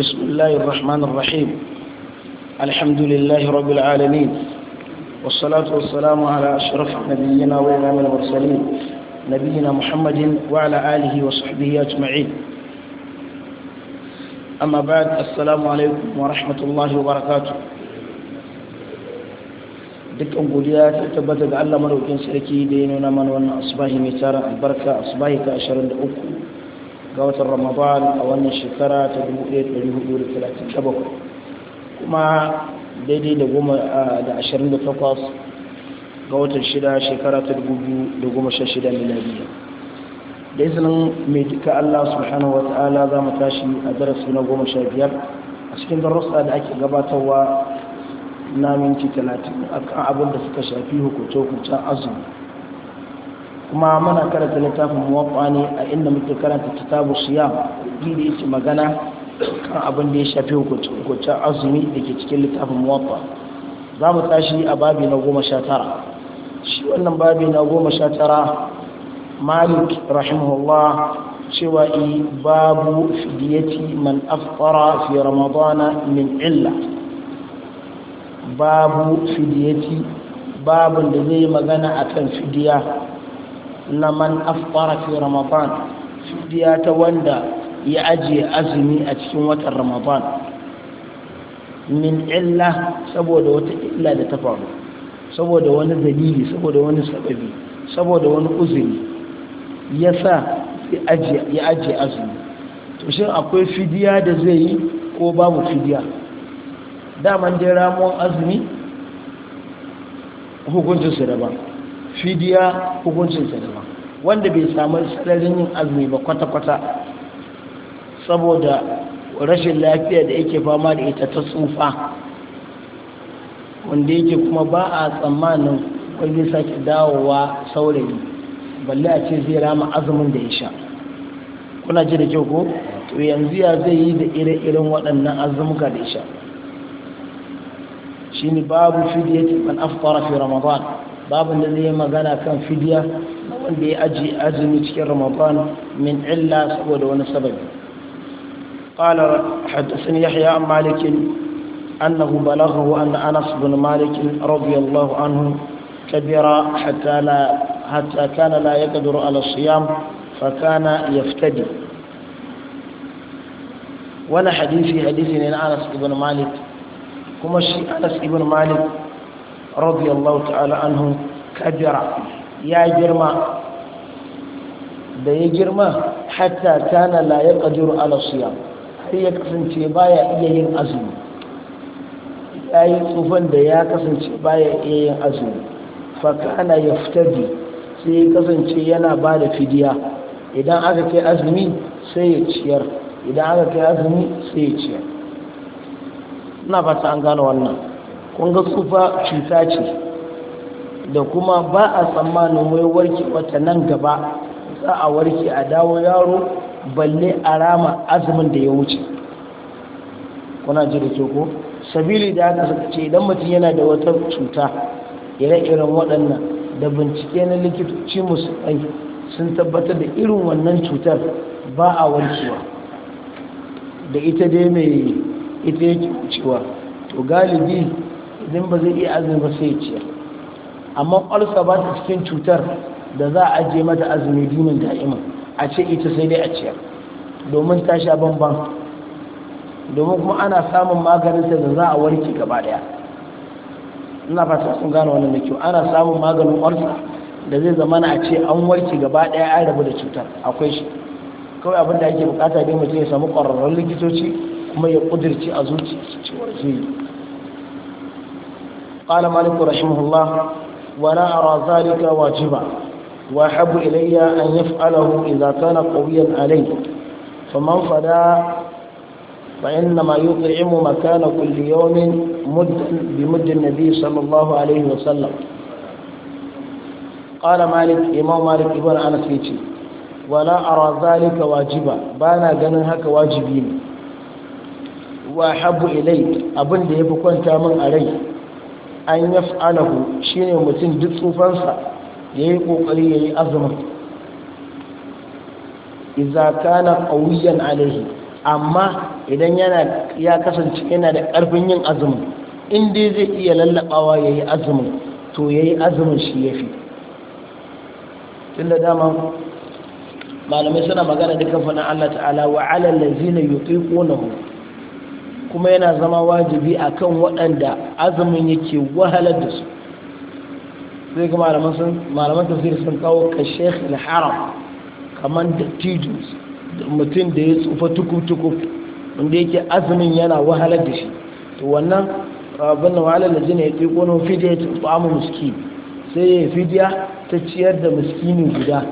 بسم الله الرحمن الرحيم الحمد لله رب العالمين والصلاة والسلام على أشرف نبينا وإمام المرسلين نبينا محمد وعلى آله وصحبه أجمعين أما بعد السلام عليكم ورحمة الله وبركاته دك أم ta tabbata ga Allah madaukin sarki da ya nuna mana wannan asbahi mai tara albarka ga watan ramadan a wannan shekara ta 1437 kuma daidai da goma da ga watan shida shekara ta 2016 miliyan da izinin mai duka allah subhanahu wa ta'ala za mu tashi a darasi na goma sha biyar a cikin darussa da ake gabatarwa na minti a akan abin da suka shafi hukuce-hukucen azumi kuma muna karanta littafin muwaffa ne a inda muke karanta kitabu siyam gidi yake magana kan abin da ya shafi hukuncin azumi da ke cikin littafin muwaffa za mu tashi a babi na goma sha tara shi wannan babi na goma sha tara malik rahimahullah cewa yi babu fidiyati man afkara fi ramadana min illa babu fidiyati babun da zai magana akan fidiya na man afkara fi ramadan fidiya ta wanda ya ajiye azumi a cikin watan ramadan min illa saboda wata illa da ta faru saboda wani dalili saboda wani sababi saboda wani uzuri ya sa ya ajiye azumi to shi akwai fidiya da zai yi ko babu fidiya daman dai ramon azumi hukuncinsu ba. fidiya hukuncin ta wanda bai samu sararin yin azumi ba kwata-kwata saboda rashin lafiya da yake fama da ita ta tsufa wanda yake kuma ba a tsammanin wani sake dawowa saurayi balle a ce zai rama azumin da ya sha kuna ji da kyau ko to yanzu ya zai yi da ire-iren waɗannan azumuka da ya sha shi ne babu fidiyati ban afkara fi ramadan babin da zai magana kan fidiya wanda ya aji azumi cikin ramadan min illa saboda wani sababi qala hadathani yahya an malik annahu balaghahu anna anas bin malik radiyallahu anhu kabira hatta la hatta kana la yaqdiru ala siyam fa kana yaftadi wala hadithi hadithi ni anas بن malik kuma shi anas بن malik radiyallahu ta'ala anhu kajara ya girma da ya girma hatta kana la ya qadiru ala siyam har ya kasance baya iya yin azumi yi tsufan da ya kasance baya iya yin azumi fa kana yaftadi sai ya kasance yana ba da fidiya idan aka kai azumi sai ya ciyar idan aka kai azumi sai ya ciyar ina fata an gane wannan kunga tsufa cuta ce da kuma ba a tsammanin wai warke wata nan gaba za a warke a dawo yaro balle a rama azumin da ya wuce kuna ji da ke ko sabili da haka ce idan mutum yana da wata cuta ire-iren waɗannan da bincike na likitoci ɗai sun tabbatar da irin wannan cutar ba a warkewa da ita dai mai ita yake wucewa to galibi idan ba zai iya azumi ba sai ya ciyar amma olsa ba ta cikin cutar da za a ajiye mata azumi dinin da'ima a ce ita sai dai a ciyar domin ta sha domin kuma ana samun maganinta da za a warke gaba daya ina fata sun gane wannan da kyau ana samun maganin olsa da zai zama na ce an warke gaba daya an rabu da cutar akwai shi kawai abin da ake bukata dai mutum ya samu ƙwararrun likitoci kuma ya ƙudurci a zuciya cewar zai قال مالك رحمه الله ولا أرى ذلك واجبا وأحب إلي أن يفعله إذا كان قويا علي فمن فدا فإنما يطعم مكان كل يوم مد بمد النبي صلى الله عليه وسلم قال مالك إمام مالك ابن أنس يتي ولا أرى ذلك واجبا بانا ganin haka wajibi ne wa habbu ilai abin da yafi kwanta min a rai an shi ne mutum duk tsufansa yayi ya yayi azumin izakana na qawiyan amma idan yana ya kasance yana da ƙarfin yin azumin in dai zai iya lallabawa yi azumin to ya yi azumin shi yafi tunda dama malamai suna magana duka fana Allah ta'ala wa alal ladzina yutiqunahu kuma yana zama wajibi a kan waɗanda azumin yake wahalar da su sai ga malaman tafsir sun kawo ka sheikh al-haram kamar da tijus mutum da ya tsufa tukuf inda yake azumin yana wahalar da shi to wannan rabin da wahalar da jina ya tsiko na fidya ya tsufa mu muski sai ya fidya ta ciyar da muskinin guda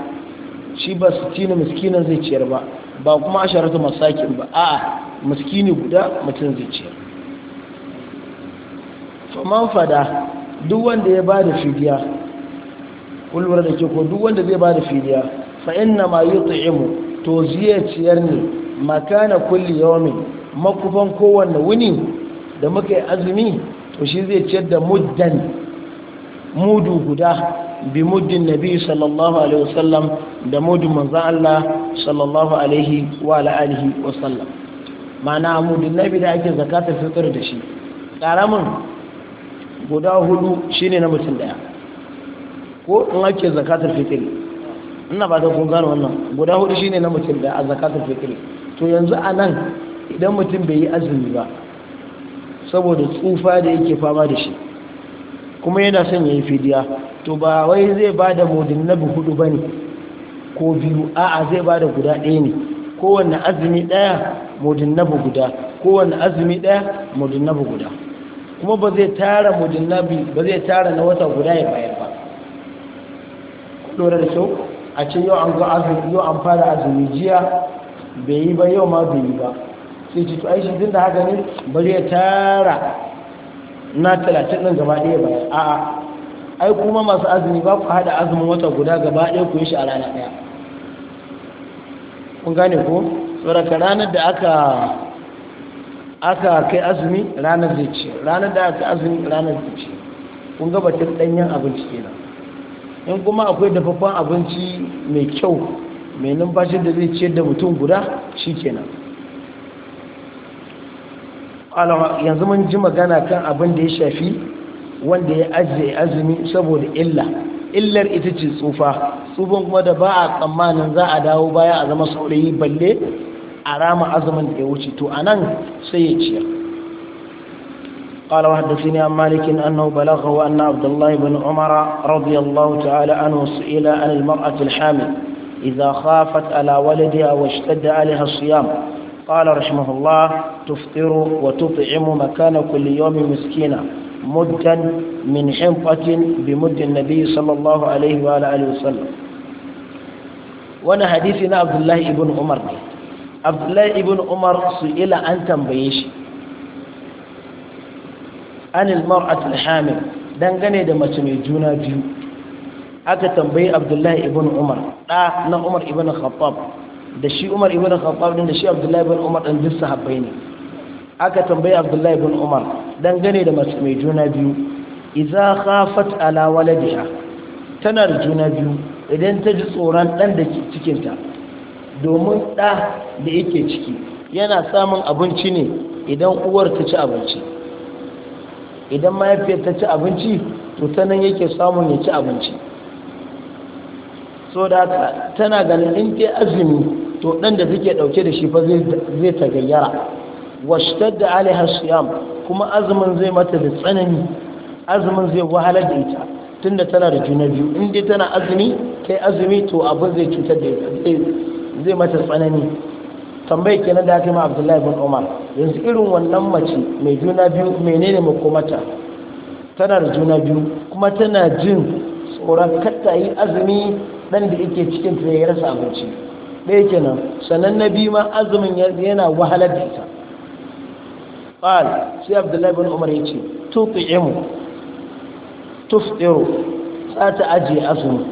shi ba su ci muskinin miskinin zai ciyar ba ba kuma a sharatu masakin ba a'a miskini guda mutum zai ciyar faman fada duk wanda ya bada fidiya kulwar da ke ko duk wanda zai bada fidiya fa inna ma yut'imu to zai ciyar ne makana kulli yawmin makufan kowanne wuni da muka yi azumi to shi zai ciyar da muddan mudu guda bi muddin nabi sallallahu alaihi wasallam da mudun manzon Allah sallallahu alaihi wa alihi wasallam mana amudin nabi da ake zakatar fitar da shi ƙaramin guda hudu shine na mutum daya ko in ake zakatar fitar ina ba ta kun wannan guda hudu shine na mutum daya a zakatar fitar to yanzu a nan idan mutum bai yi azumi ba saboda tsufa da yake fama da shi kuma yana son ya yi fidiya to ba wai zai ba da mudin nabi hudu ba ne ko biyu a'a zai bada guda ɗaya ne kowane azumi ɗaya mudinnabu guda kowane azumi ɗaya mudinnabu guda kuma ba zai tara mudinnabi ba zai tara na wata guda ya bayar ba lura da kyau a ce yau an azumi yau an fara azumi jiya bai yi ba yau ma bai yi ba sai ci to ai shi tun da haka ne ba zai tara na talatin ɗin gaba ɗaya ba a'a ai kuma masu azumi ba ku haɗa azumin wata guda gaba ɗaya ku yi shi a rana ɗaya kun gane ko tsoraka ranar da aka aka kai azumi ranar zai ce ranar da aka azumi ranar zai ce kun ga batun danyen abinci kenan in kuma akwai dafaffen abinci mai kyau mai numfashin da zai ce da mutum guda shi kenan yanzu mun ji magana kan abin da ya shafi wanda ya ajiye azumi saboda illa illar ita ce tsufa tsufan kuma da ba a tsammanin za a dawo baya a zama saurayi balle a rama azumin da ya wuce to a nan sai ya ciyar قال وحدثني عن مالك أنه بلغه أن عبد الله بن عمر رضي الله تعالى عنه سئل عن المرأة الحامل إذا خافت على ولدها واشتد عليها الصيام قال رحمه الله تفطر وتطعم مكان كل يوم مسكينا مدا من حنطة بمد النبي صلى الله عليه وآله وسلم وانا حديثنا عبد الله بن عمر عبد الله بن عمر سئل عن تنبيش عن المرأة الحامل dangane da mace mai juna biyu aka tambayi abdullahi ibn umar ɗa na umar ibn khattab da shi umar ibn khattab din abdullahi ibn umar ɗan duk sahabbai ne aka tambayi abdullahi ibn umar dangane da mace mai juna biyu iza khafat ala waladiha tana da juna biyu idan ta ji tsoron ɗan da ke cikinta domin ɗa da yake ciki yana samun abinci ne idan uwar ta ci abinci idan mahaifiyar ta ci abinci to ta nan yake samun ya ci abinci so da tana ganin in ta azumi to ɗan da take ɗauke da shi fa zai ta gayyara washtadda alaiha siyam kuma azumin zai mata da tsanani azumin zai wahalar da ita tunda tana da juna biyu in dai tana azumi kai azumi to abin zai cutar da ita zai mata tsanani tambayi kenan da aka yi ma abdullahi bin umar yanzu irin wannan mace mai juna biyu menene makomata tana da juna biyu kuma tana jin tsoron katta yi azumi dan da yake cikin ta ya rasa abinci ɗaya kenan sannan na biyu ma azumin yana wahalar da ita qal sai abdullahi bin umar yace tuti'imu tuftiru za ta ajiye azumi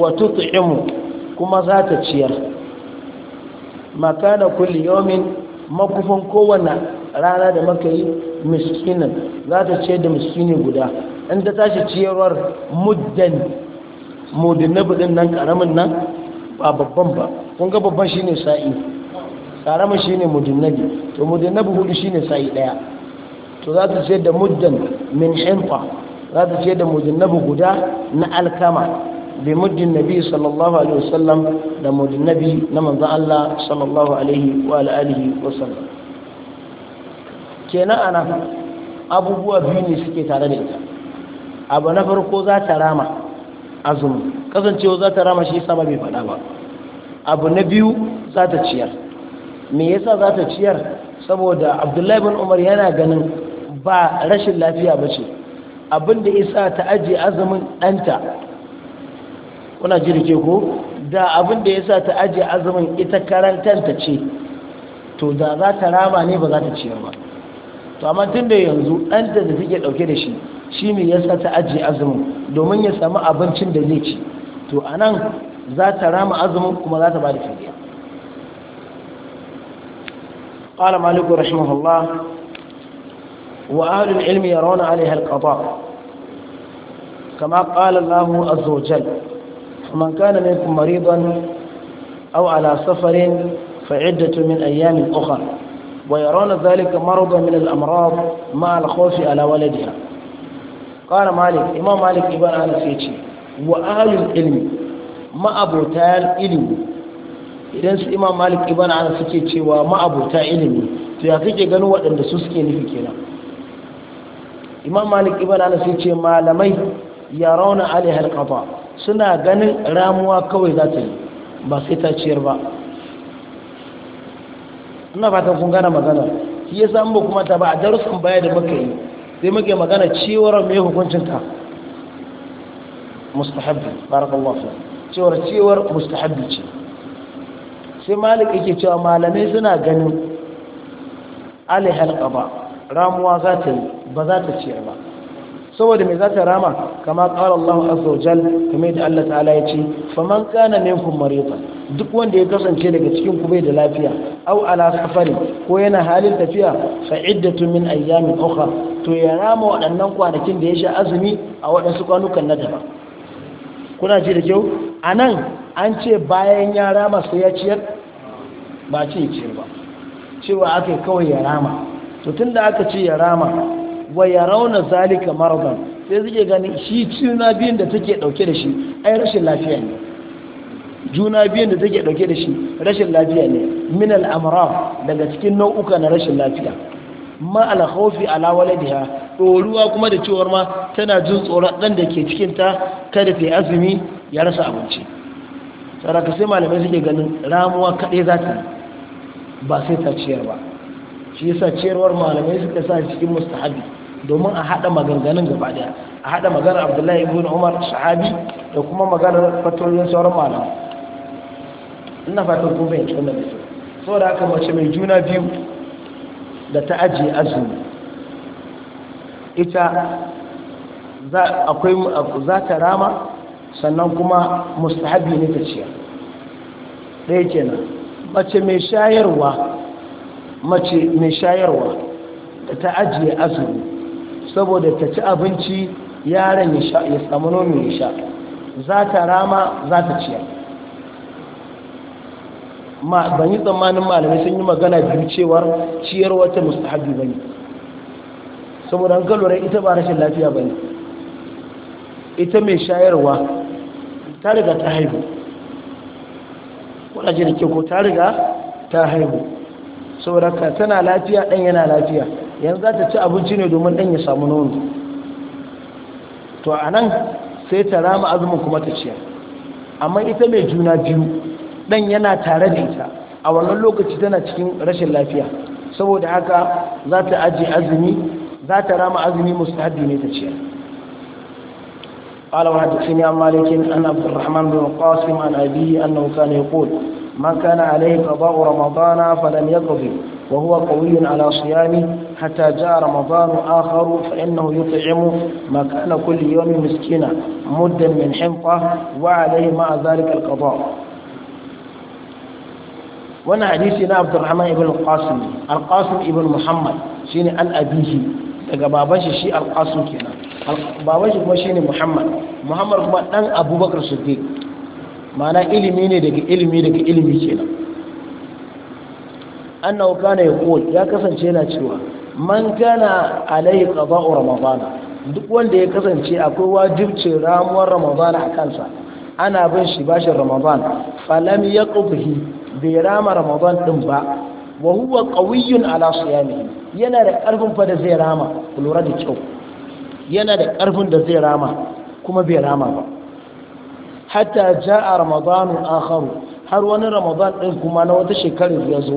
wa tuti'imu kuma za ta ciyar makana kulli yawmin makufin kowanne rana da maka yi miskinin za ta ciyar da miskini guda in ta tashi ciyarwar muddan mudin na budin nan karamin nan ba babban ba kun ga babban ne sa'i karama shine mudinnabi to mudinnabi hudu shine sa'i daya to za ta ce da muddan min hinqa za ta ce da mudinnabi guda na alkama bi muddin nabi sallallahu alaihi wasallam da muddin nabi na manzo Allah sallallahu alaihi wa alihi wasallam kenan ana abubuwa biyu ne suke tare da ita abu na farko za ta rama azumi kasancewa za ta rama shi sama bai faɗa ba abu na biyu za ta ciyar me yasa za ta ciyar saboda abdullahi bin umar yana ganin ba rashin lafiya ba ce abinda isa ta ajiye azumin ɗanta kuna jirge ko da abinda yasa ta ajiye azumin ita karantanta ce to da za ta rama ne ba za ta ciyar ba to amma tun da yanzu ɗanta da take ɗauke da shi shi me yasa ta ajiye azumin domin ya samu abincin da zai ci to anan za ta rama azumin kuma za ta ba da fidiya قال مالك رحمه الله وأهل العلم يرون عليها القضاء كما قال الله عز وجل ومن كان منكم مريضا أو على سفر فعدة من أيام أخرى ويرون ذلك مرضا من الأمراض مع الخوف على ولدها قال مالك إمام مالك إبان آل سيتي وأهل العلم ما أبو تال إلمي idan su imam malik ibn anas suke cewa ma'abuta ilimi to ya kake ganin waɗanda su suke nufi kenan imam malik ibn anas ya ce malamai ya rauna ali halkafa suna ganin ramuwa kawai za ta yi ba sai ta ciyar ba ina fatan kun gana magana shi ya samu ba kuma ta ba a darussan baya da muka yi sai muke magana cewar mai hukuncin ta mustahabbi barakallahu fi cewar cewar mustahabbi ce sai malik yake cewa malamai suna ganin alihal qada ramuwa za ta ba za ta ciyar ba saboda mai za ta rama kama qala Allahu azza wajal kamar da Allah ta'ala ya ce faman kana minkum maridan duk wanda ya kasance daga cikin ku bai da lafiya Au ala safari ko yana halin tafiya fa iddatu min ayyamin ukhra to ya rama waɗannan kwanakin da ya sha azumi a waɗansu kwanukan na daba. kuna ji da kyau anan an ce bayan ya rama sai ya ciyar ba ce ce ba cewa aka kawai ya rama to tun da aka ce ya rama wa ya rauna zalika maradan sai suke gani shi juna biyun da take dauke da shi ai rashin lafiya ne juna biyun da take dauke da shi rashin lafiya ne min al'amraf daga cikin nau'uka na rashin lafiya ma al khawfi ala waladiha ruwa kuma da cewar ma tana jin tsoron dan da ke cikin ta kada ta azumi ya rasa abinci saraka sai malamai suke ganin ramuwa kadai za ba sai ta ciyar ba shi yasa ciyarwar malamai suka sa cikin mustahabi domin a hada maganganun gaba daya a hada maganar abdullahi ibn umar sahabi da kuma maganar fatoyin sauran malamai ina fatan kun bayyana wannan da saboda haka mace mai juna biyu da ta ajiye azumi ita za akwai za ta rama sannan kuma mustahabi ne ta ciyar ɗaya kenan mace mai shayarwa mace mai shayarwa da ta ajiye azumi saboda ta ci abinci yaran ya samu nono ya sha za ta rama za ta ciyar ban yi tsammanin malamai sun yi magana biyu cewar ciyar wata mustahabi bane saboda an kalora ita ba rashin lafiya bane ita mai shayarwa ta riga ta haihu A ji ko ta riga ta haihu saboda ka tana lafiya ɗan yana lafiya yanzu za ta ci abinci ne domin ɗan ya samu nono to a nan sai ta rama azumin kuma ta ciyar amma ita mai juna biyu ɗan yana tare da ita a wannan lokaci tana cikin rashin lafiya saboda haka za ta ajiye azumi za ta rama azumi mustahabi ne ta ciyar قال وحدثني عن مالك أن عبد الرحمن بن القاسم عن أبيه أنه كان يقول من كان عليه قضاء رمضان فلم يقضي وهو قوي على صيامه حتى جاء رمضان آخر فإنه يطعم مكان كل يوم مسكينا مدا من حنطة وعليه مع ذلك القضاء وانا حديثنا عبد الرحمن بن القاسم القاسم بن محمد شيني عن أبيه daga baban shi shi alƙasun kenan baban shi kuma shi ne muhammad muhammad kuma ɗan abubakar siddiq ma'ana ilimi ne daga ilimi daga ilimi kenan annahu kana yaqul ya kasance yana cewa man kana alai qada'u ramadana duk wanda ya kasance akwai wajibcin ramuwar Ramadan a kansa ana bin shi bashin ramadan falam yaqbihi bai rama ramadan din ba wa huwa qawiyyun ala siyamihi yana da karfin fa da zai rama lura da kyau yana da karfin da zai rama kuma bai rama ba hatta ja'a ramadanu akharu har wani ramadan din kuma na wata shekarar ya zo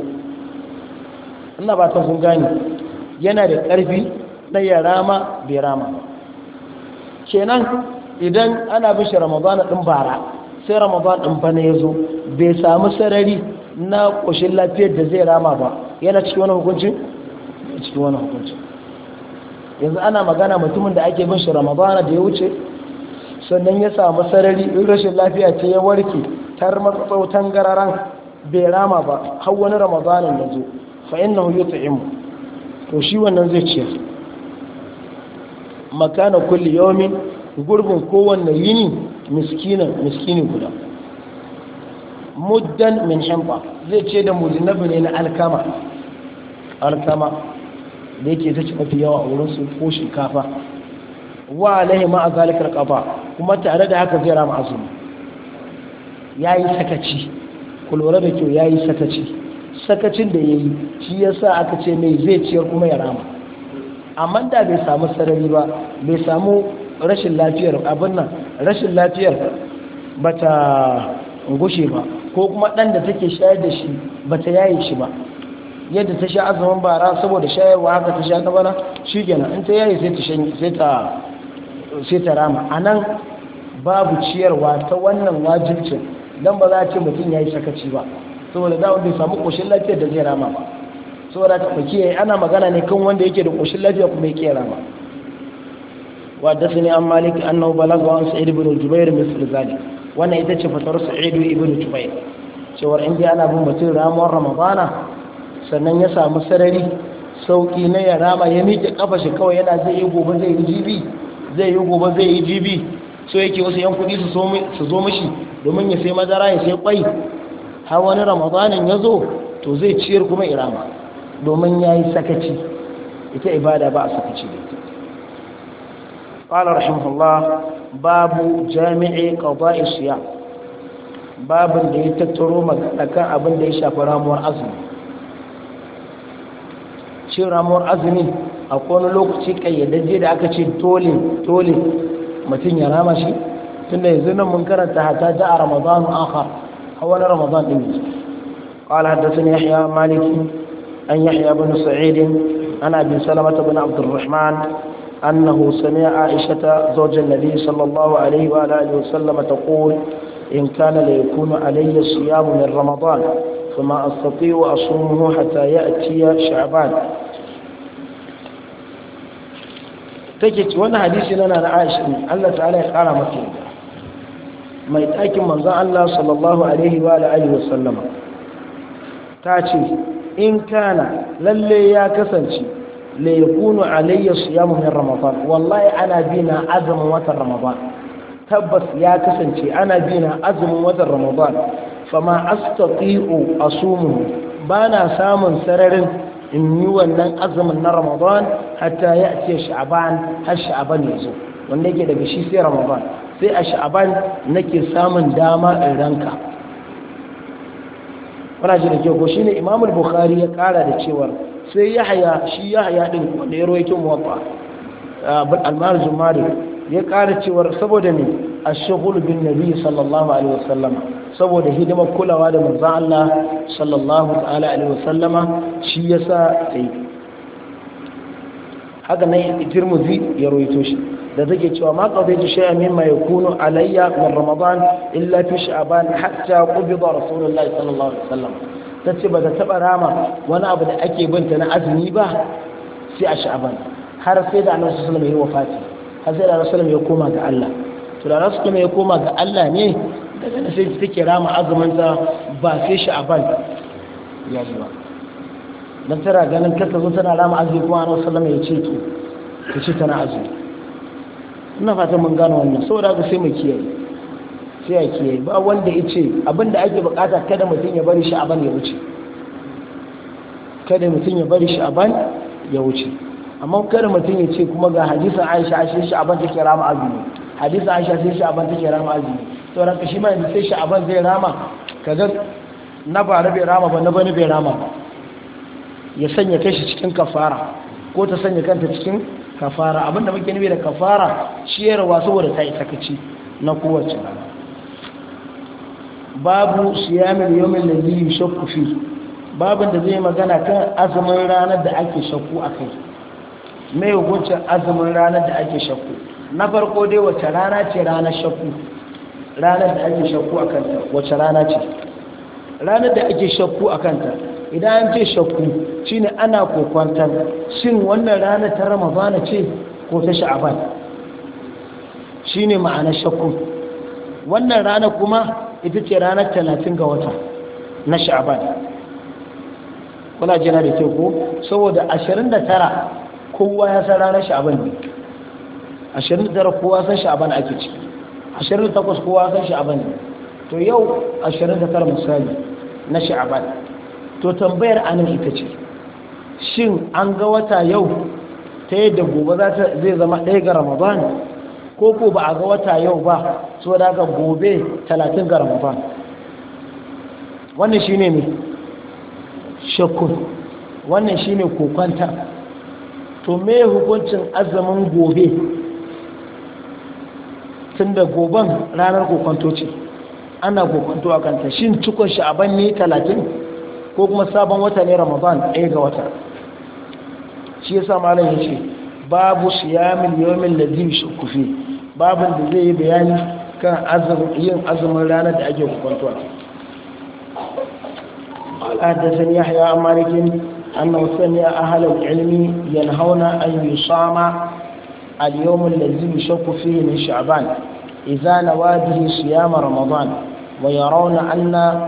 ina ba ta kun gani yana da ƙarfi na ya rama bai rama kenan idan ana shi ramadan din bara sai ramadan din bana ya zo bai samu sarari na ƙoshin lafiyar da zai rama ba yana cikin wani hukunci cikin wani hukunci yanzu ana magana mutumin da ake bin shi ramadana da ya wuce sannan ya samu sarari in rashin lafiya ce ya warke tar matsautan gararan bai rama ba har wani ramazanin da zo fa hu yut'im to shi wannan zai ciyar makana kulli yawmin gurbin kowanne yini miskina miskini guda muddan min hamba zai ce da mudinabu ne na alkama alkama da yake ta ci mafi yawa a wurin su ko shinkafa wa alaihi ma azalikar qada kuma tare da haka zai rama azumi yayi sakaci ku lura da kyau yayi sakaci sakacin da yayi shi yasa aka ce mai zai ciyar kuma ya rama amma da bai samu sarari ba bai samu rashin lafiyar abin nan rashin lafiyar ba ta gushe ba ko kuma ɗan da take shayar da shi ba ta yaye shi ba yadda ta sha azumin bara saboda shayarwa haka ta sha kabara bara, shi kenan in ta yaye sai ta sai ta rama a nan babu ciyarwa ta wannan wajibcin don ba za a ce mutum ya yi sakaci ba saboda da wanda ya samu ƙoshin lafiyar da zai rama ba saboda ka kiyaye ana magana ne kan wanda yake da ƙoshin lafiya kuma ya kiyaye rama an وحدثني عن balaga أنه بلغ عن سعيد بن الجبير wannan ita ce fatar فتر سعيد بن cewar شوار عندي ana bin mutum ramuwar رمضان sannan ya samu sarari sauƙi na ya rama ya miƙe ƙafa shi kawai yana zai yi gobe zai yi jibi zai yi gobe zai yi jibi so yake wasu yan kudi su zo mashi domin ya sai madara ya sai kwai har wani ramadanin ya zo to zai ciyar kuma irama domin ya yi sakaci ita ibada ba a sakaci da ita ƙwalar rahimahullah babu jami'i ƙauba siya babin da ya tattaro kan abin da ya shafi ramuwar azumi Cin ramuwar azumi akwai wani lokaci kayyadajje da aka ce tole tole mutum ya rama shi tunda yanzu nan mun karanta hatta ta a ramadan akhar a wani ramadan din yake قال حدثني يحيى مالك أن يحيى بن سعيد عن أبي سلمة بن عبد الرحمن أنه سمع عائشة زوج النبي صلى الله عليه وعلى آله وسلم تقول إن كان ليكون علي الصيام من رمضان فما أستطيع أصومه حتى يأتي شعبان take ce wannan hadisi na na aishi ne Allah ta'ala ya kara mata yarda mai ɗakin manzon Allah sallallahu alaihi wa alihi wa sallama ta ce in kana lalle ya kasance la yakunu alayya siyamu min ramadan wallahi ana bina azumin watan ramadan tabbas ya kasance ana bina azumin watan ramadan fama astati'u asumu bana samun sararin in yi wannan azumin na ramadan hatta ya ce sha'aban har sha'aban ya zo wanda yake daga shi sai ramadan sai a sha'aban nake samun dama in ranka wana ji da kyau ko shine imam bukhari ya kara da cewa sai yahya shi yahya din wanda ya rawaito muwatta al-mar ya kara cewa saboda ne ash-shughul bin nabi sallallahu alaihi wasallama saboda hidimar kulawa da manzan Allah sallallahu ta'ala alaihi wasallama shi yasa ta yi haka nan tirmidhi ya rawaito shi da take cewa ma qadaitu shay'an mimma yakunu alayya min ramadan illa fi sha'ban hatta qubida rasulullahi sallallahu alaihi wasallam tace ba ta taba rama wani abu da ake binta na azumi ba sai a sha'ban har sai da annabi sallallahu alaihi wasallam ya wafati har sai da rasulullah ya koma ga Allah to da rasulullah ya koma ga Allah ne daga na sai take rama azumanta ba sai sha'aban ya ba don tara ganin ta zo tana rama azumi kuma ana sallama ya ce ki ta ce tana azumi ina fata mun gano wannan saboda haka sai mu kiyaye sai ya kiyaye ba wanda ya ce abinda ake bukata kada mutum ya bari sha'aban ya wuce kada mutum ya bari sha'aban ya wuce amma kada mutum ya ce kuma ga hadisin aisha a sha'aban take rama azumi hadisin aisha sai sha'aban take rama azumi sauran ka shi ma yanzu sai sha'aban zai rama kaga na fara bai rama ba na bani bai rama ba ya sanya kai shi cikin kafara ko ta sanya kanta cikin kafara abinda muke nufi da kafara ciyarwa saboda ta yi sakaci na kowace babu siyamin yomin da yi shakku fi babin da zai magana kan azumin ranar da ake shakku a kai mai hukuncin azumin ranar da ake shakku na farko dai wace rana ce ranar shakku ranar da ake shakku a kanta wace rana ce ranar da ake shakku a kanta idan an ce shakku ne ana kokwantar shin wannan rana ta ramazana ce ko ta sha'aban ne ma'anar shakku wannan rana kuma ita ce ranar talatin ga wata na sha'aban kuna jina da ke ko saboda ashirin da tara kowa ya san ranar sha'aban ne ashirin da tara kowa san sha'aban ake ciki ashirin takwas kowa san sha'aban ne to yau ashirin tara misali na sha'aban to tambayar anan ita ce shin an ga wata yau ta yadda gobe zai zama ɗaya ga ramadan ko ko ba a ga wata yau ba so da ga gobe talatin ga ramadan wannan shine ne shakkun wannan shine kokonta to mai hukuncin azamin gobe Tunda goban ranar kokonto ce ana kokwanto a kanta shin cikon sha'aban ne talatin ko kuma sabon wata ne ramadan ɗaya ga wata shi yasa malam ya ce babu siyamin yomin da zai shukufi babin da zai yi bayani kan yin azumin ranar da ake kokonto a حدثني يحيى عن a أنه سمع أهل العلم ينهون yi sama a الذي يشك فيه ne Sha'aban. إذا نواده به صيام رمضان ويرون أن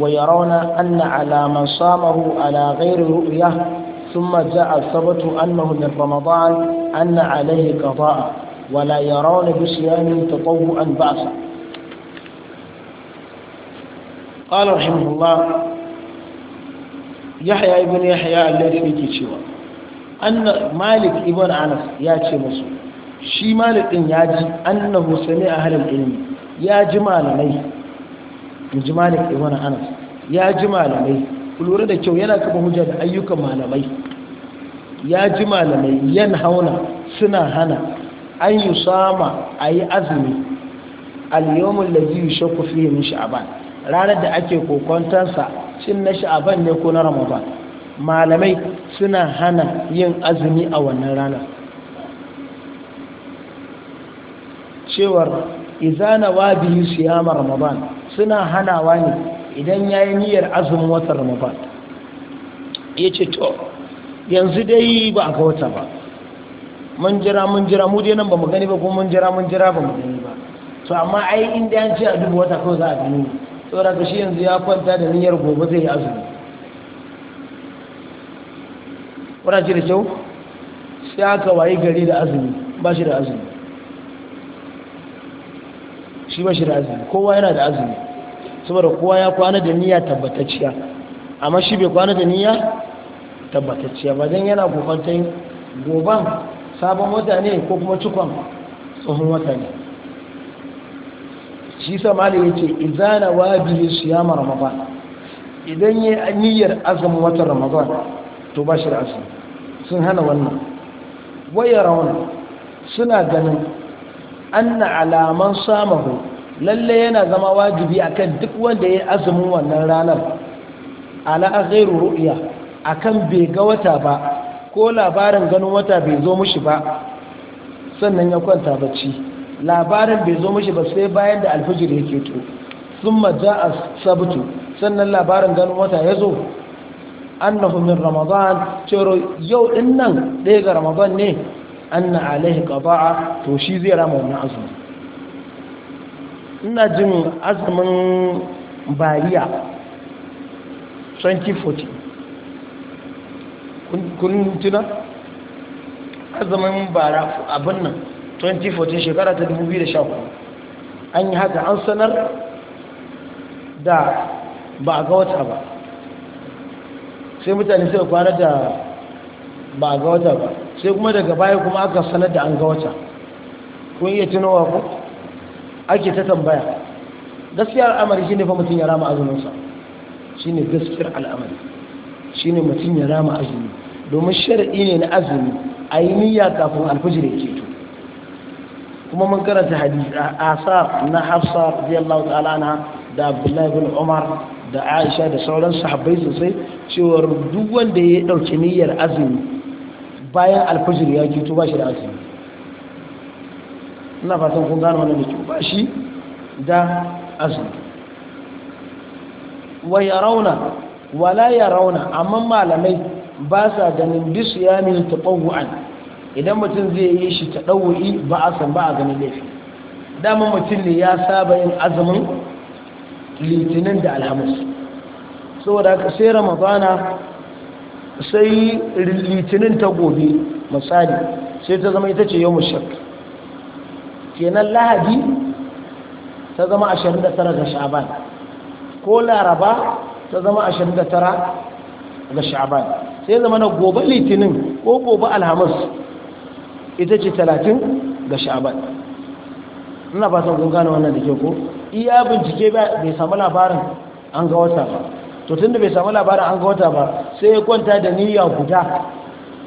ويرون أن على من صامه على غير رؤية ثم جاء الثبت أنه من رمضان أن عليه قضاء ولا يرون بصيامه تطوعا بأسا قال رحمه الله يحيى ابن يحيى الذي في أن مالك ابن أنس ياتي مصر shi malik ya ji annahu sami a halin ilimi, ya ji malamai in ji malik anas ya ji malamai ku lura da kyau yana kafa hujja da ayyukan malamai ya ji malamai yan hauna suna hana an yi sama a yi azumi al-yawmul ladhi yushakku fihi min sha'ban ranar da ake kokontansa cin na sha'aban ne ko na ramadan malamai suna hana yin azumi a wannan ranar cewar izana wa biyu siyama ramadan suna hanawa ne idan ya yi niyyar azumin watan ramadan ya ce to yanzu dai ba a ga wata ba mun jira mun jira mu dai nan ba mu gani ba kuma mun jira mun jira ba mu gani ba to amma ai inda an ce a duba wata kawai za a gani to da shi yanzu ya kwanta da niyyar gobe zai yi azumi kuna ce da kyau sai aka wayi gari da azumi ba shi da azumi shi ba shi da azumi kowa yana da azumi saboda kowa ya kwana da niyya tabbatacciya amma shi bai kwana da niyya tabbatacciya ba don yana kofantai goban sabon wata ne ko kuma cikon tsohon wata ne shi samali ya ce izana wa biyu su yama ramadan idan ya yi niyyar azumin watan ramadan to ba shi da azumi sun hana wannan wayar suna ganin anna alaman samahu lalle yana zama wajibi akan duk wanda ya azumin wannan ranar ala ghairu ru'ya akan bai ga wata ba ko labarin ganin wata bai zo mushi ba sannan ya kwanta bacci labarin bai zo mushi ba sai bayan da alfijir yake to summa ja'a sabtu sannan labarin ganin wata ya zo annahu min ramadan cero yau din nan ɗaya ga ramadan ne anna alaihi qada'a to shi zai rama wannan azumi ina jin azumin bariya 2014 kun tuna azumin bara abin nan 2014 shekara ta 2014 an yi haka an sanar da ba a ga wata ba sai mutane suka kwana da ba a ga wata ba sai kuma daga baya kuma aka sanar da an ga wata kun iya tunawa ku ake ta tambaya gaskiyar al'amari shine fa mutum ya rama azumin sa shine gaskiyar al'amari shine mutum ya rama azumi domin shar'i ne na azumi ayi niyya kafin alfajir yake to kuma mun karanta hadisi Asa na hafsa radiyallahu ta'ala anha da abdullahi ibn umar da aisha da sauran sahabbai sosai cewa duk wanda ya dauki niyyar azumi bayan alfajir ya kito ba shi da azumi ina fatan kun gano wannan da ba shi da azumi wa yarawna wala rauna. amma malamai ba sa ganin bisu ya min tatawu'an idan mutum zai yi shi tadawu'i ba a san ba a ganin laifi dama mutum ne ya saba yin azumin litinin da alhamis saboda haka sai ramadana sai litinin ta gobe misali sai ta zama ita ce yau mushak kenan lahadi ta zama 29 ga sha'aban ko laraba ta zama 29 ga sha'aban sai zama na gobe litinin ko gobe alhamis ita ce 30 ga sha'aban ina ba san kun gane wannan da ke ko iya bincike bai samu labarin an ga wata ba to tunda bai samu labarin an ga wata ba sai ya kwanta da niyya guda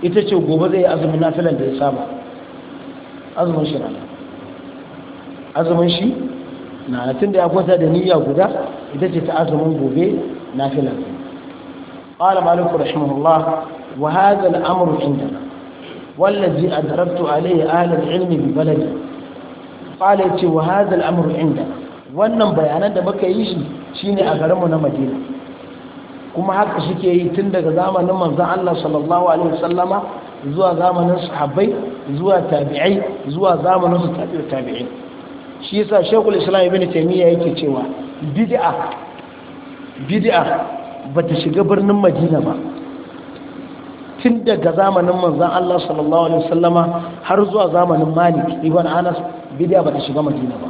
ita ce gobe zai azumin nafilan da ya saba azumin shi rana azumin shi na tunda ya kwanta da niyya guda ita ce ta azumin gobe nafilan قال مالك رحمه الله وهذا الأمر عندنا والذي أدركت عليه أهل العلم ببلدي قال وهذا الأمر عندنا wannan bayanan da muka yi shi shine a garinmu na madina kuma haka suke yi tun daga zamanin Manzan Allah sallallahu alaihi wasallama zuwa zamanin sahabbai zuwa tabi'ai zuwa zamanin su tabi'u tabi'ai. shi yasa shekul islam ibn taymiya yake cewa bid'a bid'a bata shiga birnin madina ba tun daga zamanin Manzan Allah sallallahu alaihi wasallama har zuwa zamanin malik ibn anas bid'a bata shiga madina ba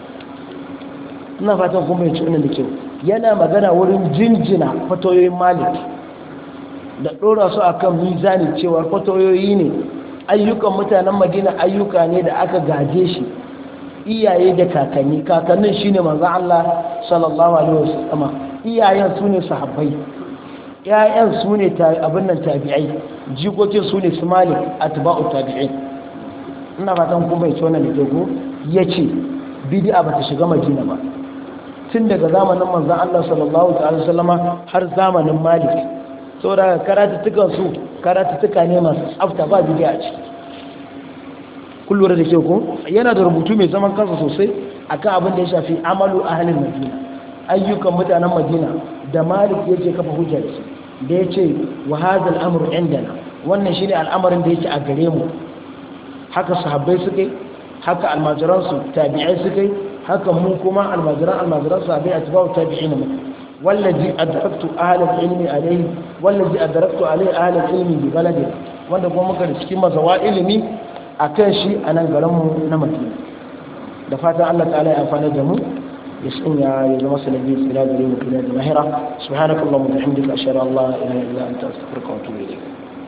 ina fatan kuma bayyana wannan da kyau yana magana wurin jinjina fatoyoyin malik da ɗora su kan mizanin cewa fatoyoyi ne ayyukan mutanen madina ayyuka ne da aka gaje shi iyaye da kakanni kakannin shi ne manzo Allah sallallahu alaihi wasu iyayen su su haɓai ƴaƴan ne abin nan tabi'ai jikokin ne su malik a tuba'u tabi'ai. ina fatan kun bai tsona da ce yace a bata shiga madina ba tun daga zamanin manzan Allah sallallahu ta'ala sallama har zamanin malik daga karatattukan su karatuttuka ne masu tsafta ba bidiya a ciki kun da ke ku yana da rubutu mai zaman kansa sosai a kan abin da ya shafi amalu a halin madina ayyukan mutanen madina da malik ya ce kafa hujjar su da ya ce wa hadal amru indana wannan shi ne al'amarin da yake a gare mu haka sahabbai kai. haka almajiransu tabi'ai kai. haka mu kuma almajiran almajiran sahabi a tabawu tabi'in mu a adraktu ahlul ilmi alayhi wallazi adraktu alayhi ahlul ilmi bi baladi wanda kuma muka cikin mazawa ilimi akan shi a nan garin mu na Madina da fatan Allah ta'ala ya amfana da mu ya ya zama sanadi tsira gare mu kila da mahira subhanakallahumma wa bihamdika ashhadu an la ilaha illa anta astaghfiruka wa atubu ilayk